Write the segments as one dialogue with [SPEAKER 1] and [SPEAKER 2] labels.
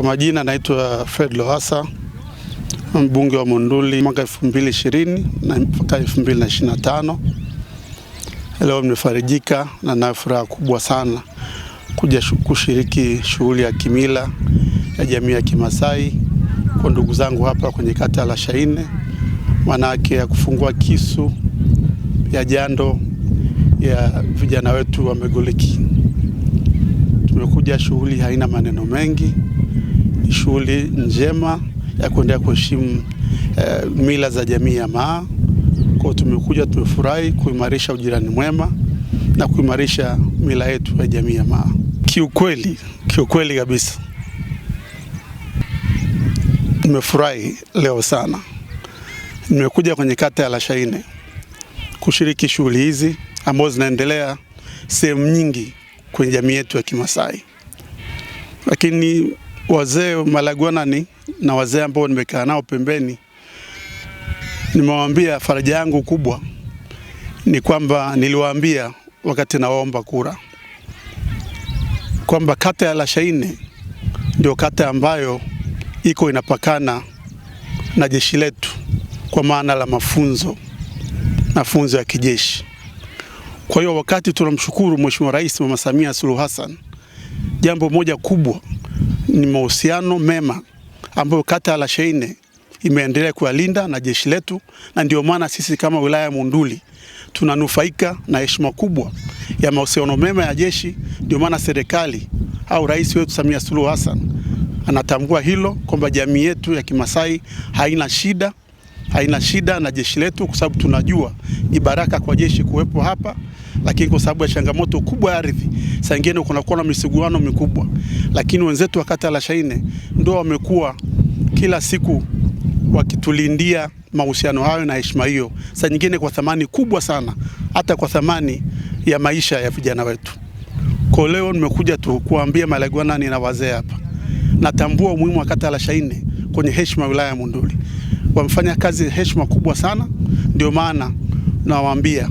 [SPEAKER 1] Kwa majina naitwa Fred loasa mbunge wa Monduli mwaka 2020 na mpaka 2025. Leo nimefarijika na nayo furaha kubwa sana kuja kushiriki shughuli ya kimila ya jamii ya Kimasai kwa ndugu zangu hapa kwenye kata la Shaine, manake ya kufungua kisu ya jando ya vijana wetu wa Megoliki. Tumekuja shughuli haina maneno mengi shughuli njema ya kuendelea kuheshimu eh, mila za jamii ya Maa. Kwa tumekuja tumefurahi kuimarisha ujirani mwema na kuimarisha mila yetu ya jamii ya Maa. Kiukweli, kiukweli kabisa nimefurahi leo sana. Nimekuja kwenye kata ya Lashaine kushiriki shughuli hizi ambazo zinaendelea sehemu nyingi kwenye jamii yetu ya Kimasai, lakini wazee Malagwanani na wazee ambao nimekaa nao pembeni, nimewaambia faraja yangu kubwa ni kwamba niliwaambia wakati nawaomba kura kwamba kata ya Lashaine ndio kata ambayo iko inapakana na jeshi letu kwa maana la mafunzo, mafunzo ya kijeshi. Kwa hiyo wakati tunamshukuru Mheshimiwa Rais Mama Samia Suluhu Hassan, jambo moja kubwa ni mahusiano mema ambayo kata ya sheine imeendelea kuyalinda na jeshi letu, na ndio maana sisi kama wilaya ya Monduli tunanufaika na heshima kubwa ya mahusiano mema ya jeshi. Ndio maana serikali au rais wetu Samia Suluhu Hassan anatambua hilo kwamba jamii yetu ya Kimasai haina shida, haina shida na jeshi letu, kwa sababu tunajua ni baraka kwa jeshi kuwepo hapa lakini kwa sababu ya changamoto kubwa ya ardhi, saa nyingine kunakuwa na misuguano mikubwa. Lakini wenzetu wa kata la Shaine ndio wamekuwa kila siku wakitulindia mahusiano hayo na heshima hiyo, saa nyingine kwa thamani kubwa sana, hata kwa thamani ya maisha ya vijana wetu. Kwa leo nimekuja tu kuambia malaigwana na wazee hapa, natambua umuhimu wa kata la Shaine kwenye heshima ya wilaya ya Monduli, wamefanya kazi heshima kubwa sana, ndio maana nawaambia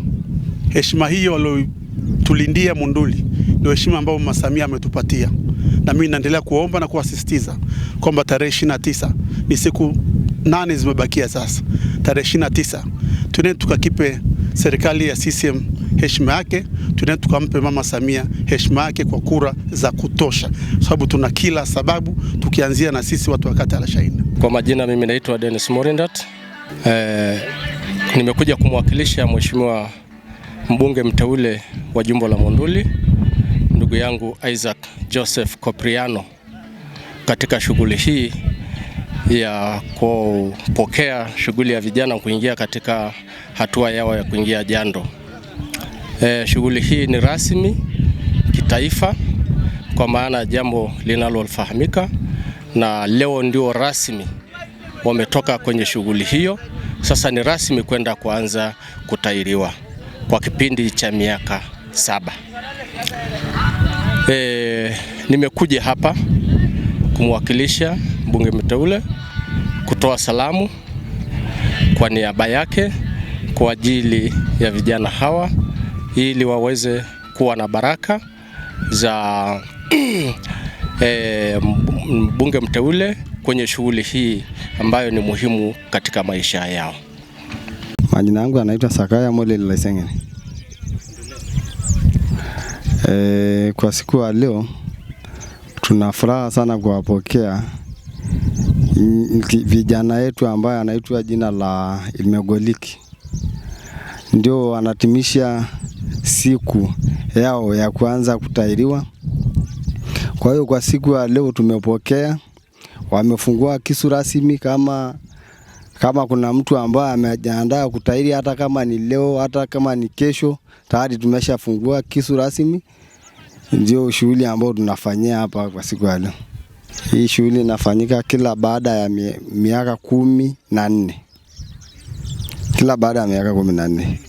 [SPEAKER 1] heshima hiyo waliotulindia Munduli ndio heshima ambayo Mama Samia ametupatia, na mimi naendelea kuomba na kuasisitiza kwamba tarehe ishirini na tisa ni siku nane zimebakia sasa, tarehe ishirini na tisa tuende tukakipe serikali ya CCM heshima yake, tunaenda tukampe Mama Samia heshima yake kwa kura za kutosha, sababu tuna kila sababu, tukianzia na sisi watu wa kata ya Lashaina.
[SPEAKER 2] Kwa majina mimi naitwa Dennis Morindat. Eh, nimekuja kumwakilisha mheshimiwa mbunge mteule wa jimbo la Monduli ndugu yangu Isaac Joseph Kopriano katika shughuli hii ya kupokea shughuli ya vijana kuingia katika hatua yao ya kuingia jando. E, shughuli hii ni rasmi kitaifa kwa maana jambo linalofahamika na leo ndio rasmi wametoka kwenye shughuli hiyo, sasa ni rasmi kwenda kuanza kutairiwa kwa kipindi cha miaka saba. E, nimekuja hapa kumwakilisha mbunge mteule kutoa salamu kwa niaba yake kwa ajili ya vijana hawa ili waweze kuwa na baraka za e, mbunge mteule kwenye shughuli hii ambayo ni muhimu katika maisha yao.
[SPEAKER 3] Majina yangu anaitwa Sakaya Mole Leseng'eni. E, eh, kwa siku ya leo tuna furaha sana kuwapokea vijana yetu ambaye anaitwa jina la Imegoliki, ndio wanatimisha siku yao ya kuanza kutairiwa. Kwa hiyo kwa siku ya leo tumepokea, wamefungua kisu rasmi kama kama kuna mtu ambaye amejiandaa kutahiri hata kama ni leo, hata kama ni kesho, tayari tumeshafungua kisu rasmi. Ndio shughuli ambayo tunafanyia hapa kwa siku ya leo. Hii shughuli inafanyika kila baada ya miaka kumi na nne, kila baada ya miaka kumi na nne.